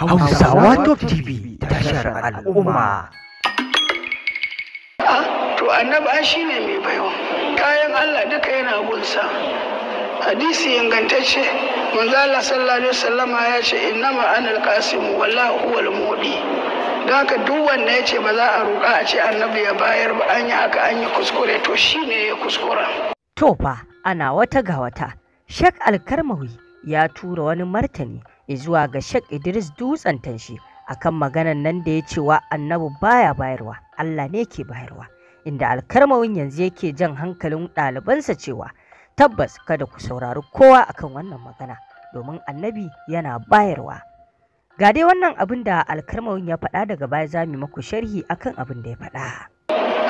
Hausawa Top TV tashar al'umma. Ah, to annaba shi ne mai baiwa, kayan Allah duka yana gunsa. Hadisi ingantacce, manzo Allah sallallahu alaihi wasallama ya ce innama anal qasim wallahu huwal mudi. Don haka duk wanda ya ce ba za a roƙa a ce annabi ya bayar ba an yi haka an yi kuskure to shi ne ya kuskura. To fa ana wata ga wata, Shek Alkarmawi ya tura wani martani zuwa ga Sheikh Idris Dutsen Tanshi akan maganar nan da ya cewa annabi baya bayarwa Allah ne ke bayarwa inda alkarmawin yanzu yake jan hankalin ɗalibansa cewa tabbas kada ku saurari kowa akan wannan magana domin annabi yana bayarwa ga dai wannan abin da alkarmawin ya faɗa daga baya za mu maku sharhi akan abin da ya faɗa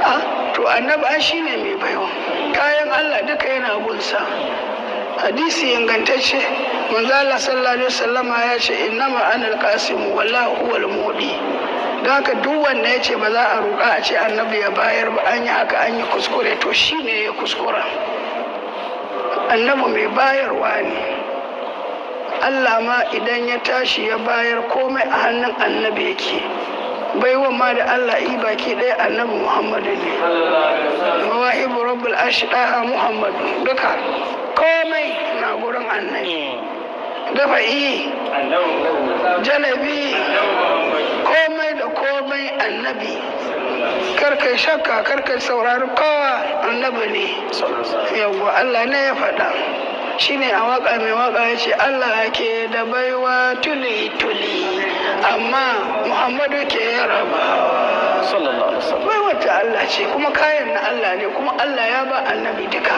ah, to annaba shine mai baiwa kayan Allah duka yana gunsa hadisi ingantacce manzo Allah sallallahu alaihi wasallama ya ce innama ana alqasim wallahu huwal mudi haka duk wanda ya ce ba za a roƙa a ce annabi ya bayar ba an yi haka an yi kuskure to shi ne ya kuskura annabi mai bayarwa ne Allah ma idan ya tashi ya bayar komai a hannun annabi yake baiwa ma da Allah yi baki ɗaya annabi Muhammadu ne. Mawa'ibu Rabbul Ashi Muhammadu duka. Komai annabi yi janabi komai da komai annabi karkai shakka karkai saurari kowa annabi ne yawwa allah ne ya faɗa ne a waka mai waka ya ce allah ke da baiwa tuli tuli amma muhammadu ke rabawa sallallahu ta bai Allah ce kuma kayan na Allah ne kuma Allah ya ba annabi duka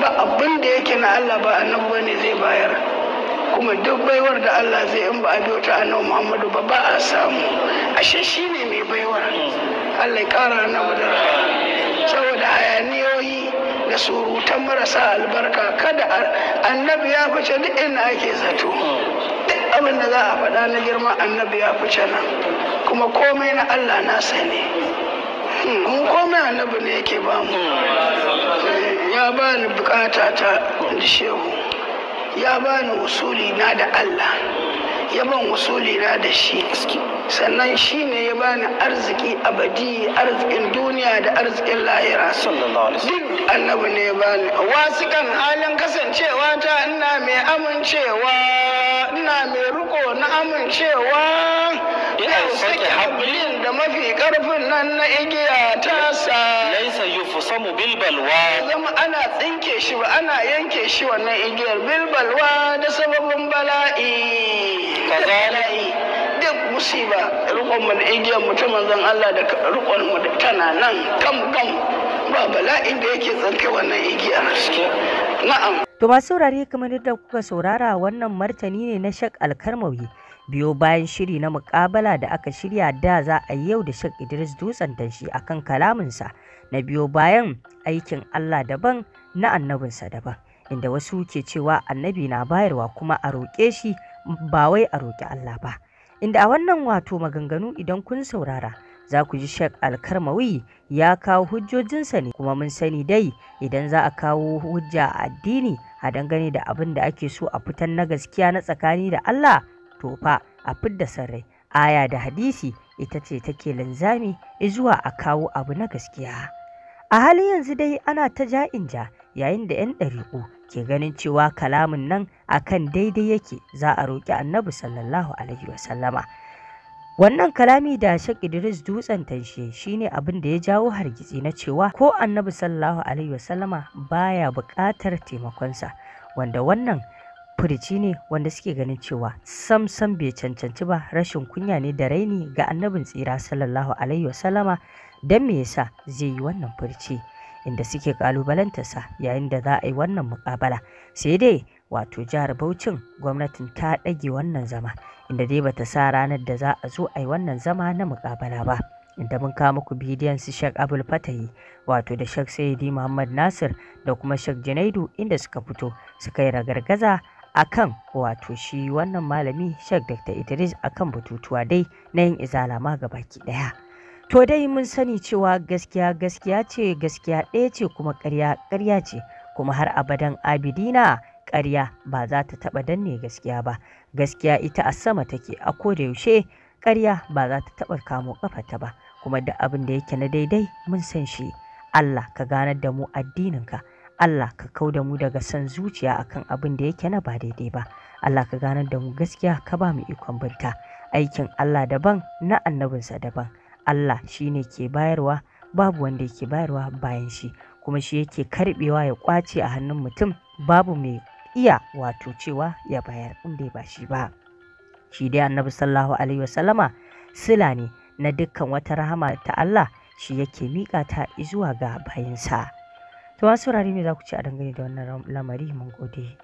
ba abin da yake na Allah ba annabi ne zai bayar kuma duk baiwar da Allah zai in ba a biyo ta annabi Muhammadu ba ba a samu ashe shine mai baiwar Allah ya kara na da saboda hayaniyoyi da surutan marasa albarka kada annabi ya fice duk inda ake zato duk abin da za a faɗa na girma annabi ya fice nan kuma komai na Allah nasa ne mun komai annabi ne yake ba mu ya ba ni bukata ta shehu ya ba ni usuli na da Allah ya ban usuli na da shi sannan shi ne ya bani arziki abadi arzikin duniya da arzikin lahira duk annabi ne ya bani wasu kan halin kasancewa ta ina mai amincewa ina mai riko na amincewa sake hablin da mafi karfin nan na igiya ta sa laisa yufsamu bil balwa zama ana tsinke shi ba ana yanke shi wannan igiyar bil da sababin bala'i bala'i? duk musiba rukon mu da igiyar mutumin zan Allah da rukon mu tana nan kam kam ba bala'in da yake tsinke wannan igiyar To masu saurare kamar yadda kuka saurara wannan martani ne na Shak Alkarmawi biyo bayan shiri na mukabala da aka shirya da za a yau da Shak Idris Dutsen shi akan kalaminsa na biyo bayan aikin Allah daban na annabinsa daban inda wasu ke cewa annabi na bayarwa kuma a roƙe shi ba wai a roƙi Allah ba. Inda a wannan wato maganganu idan kun saurara za ku ji Sheikh Alkarmawi ya kawo hujjojinsa ne kuma mun sani dai idan za a kawo hujja a addini a dangane da abin da ake so a fitan na gaskiya na tsakani da Allah to fa a fidda sarrai aya da hadisi ita ce take linzami zuwa a kawo abu na gaskiya a halin yanzu dai ana ta ja'in ja yayin da 'yan ɗariƙo ke ganin cewa kalamin nan akan daidai yake za a roƙi annabi sallallahu alaihi wasallama Wannan kalami da Sheikh Idris Dutsen tanshe shine abin da ya jawo hargitsi na cewa ko Annabi sallallahu alaihi wasallama baya buƙatar taimakon sa wanda wannan furici ne wanda suke ganin cewa sam sam bai cancanci ba rashin kunya ne da raini ga annabin tsira sallallahu alaihi wasallama don me yasa zai yi wannan furici inda suke sa yayin da za a yi wannan mukabala sai dai wato jihar Bauchin gwamnatin ta ɗage wannan zama inda dai bata sa ranar da za a zo a yi wannan zama na mukabala ba inda mun kawo muku bidiyon su Sheikh Abul Fatahi wato da Sheikh Sayyidi Muhammad Nasir da kuma Sheikh Junaidu inda suka fito suka yi ragargaza akan wato shi wannan malami Sheikh Dr. Idris akan bututuwa dai na yin izala ma baki daya to dai mun sani cewa gaskiya gaskiya ce gaskiya ɗaya ce kuma ƙarya ƙarya ce kuma har abadan abidina ƙarya ba za ta taɓa danne gaskiya ba gaskiya ita a sama take a ko da yaushe ƙarya ba za ta taɓa kamo ƙafata ba kuma da abin da yake na daidai mun san shi Allah ka ganar da mu addininka Allah ka kau da mu daga san zuciya akan abin da yake na ba daidai ba Allah ka ganar da mu gaskiya ka ba mu ikon binta aikin Allah daban na annabinsa daban Allah shi ne ke bayarwa babu wanda yake bayarwa bayan shi kuma shi yake karbewa ya kwace a hannun mutum babu mai iya wato cewa ya bayar in bai shi ba shi dai annabi sallallahu alaihi wasallama sila ne na dukkan wata rahama ta Allah shi yake miƙa ta zuwa ga bayinsa to wasu rari me za ku ci a dangane da wannan lamari mun gode